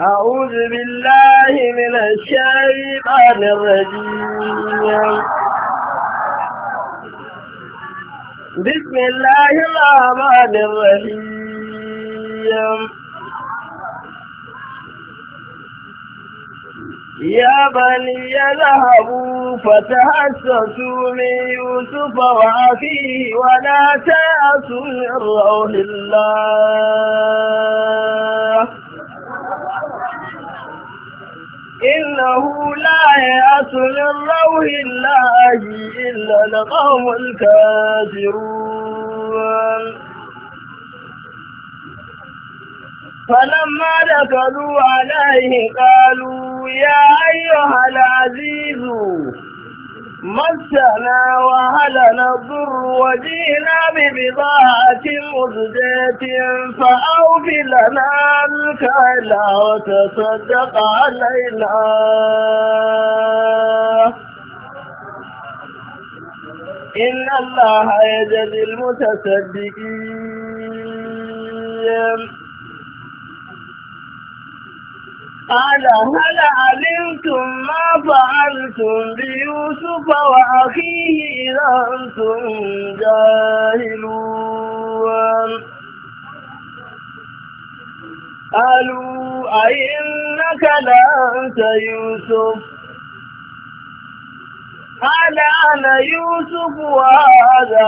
أعوذ بالله من الشيطان الرجيم بسم الله الرحمن الرحيم يا بني ذهبوا فتحسسوا من يوسف وأخيه ولا تأسوا من روح الله إنه لا يأس من روح الله إلا القوم الكافرون فلما دخلوا عليه قالوا يا أيها العزيز مسنا وهلنا الضر وجينا ببضاعة مزجاة فأوفي لنا الكيل وتصدق علينا إن الله يجزي المتصدقين Ala hala alimtum ma fa'altum bi Yusuf wa akhihi idantum jahilun. Alu ayinnaka la anta Yusuf. Ala ana Yusuf wa hada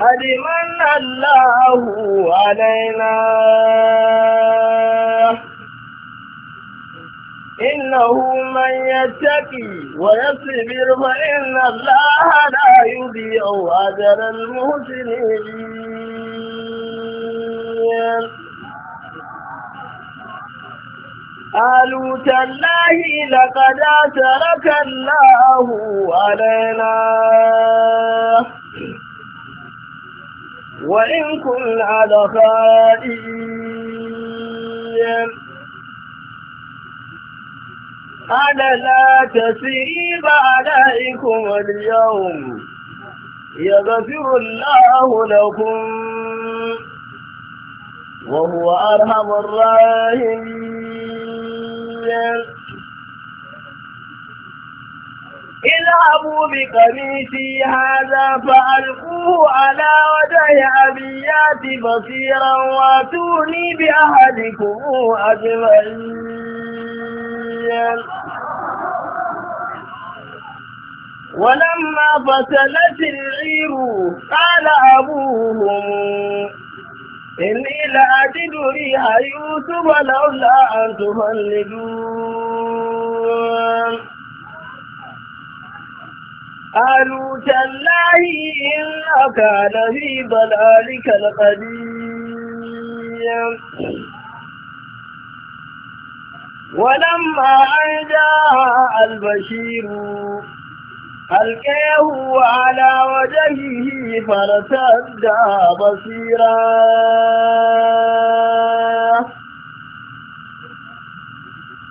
قد من الله علينا إنه من يتقي ويصبر فإن الله لا يضيع أجر المحسنين قالوا تالله لقد أترك الله علينا وإن على لخائين أنا لا تسيب عليكم اليوم يغفر الله لكم وهو أرحم الراحمين فاذهبوا بقميصي هذا فألقوه على وجه أبيات بصيرا واتوني بأحدكم أجمعين ولما فصلت العير قال أبوهم إني لأجد ريح يوسف لولا أن تفلدون قالوا تالله إنك لفي ضلالك القديم ولما أن جاء البشير ألقيه على وجهه فارتد بصيرا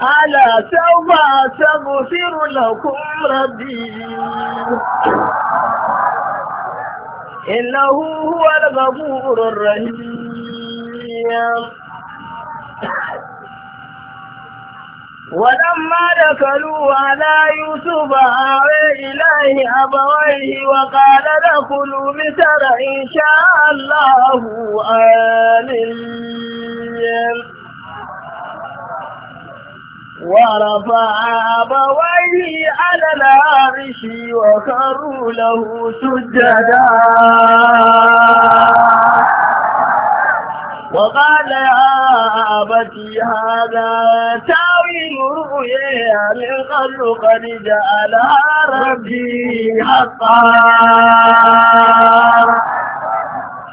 ألا سوف سغفر لكم ربي إنه هو الغفور الرحيم ولما دخلوا على يوسف آوى إليه أبويه وقال دخلوا مصر إن شاء الله آمين ورفع أبويه على العرش وخروا له سجدا وقال يا أبتي هذا تاويل رؤيا من قبل قد جعلها ربي حقا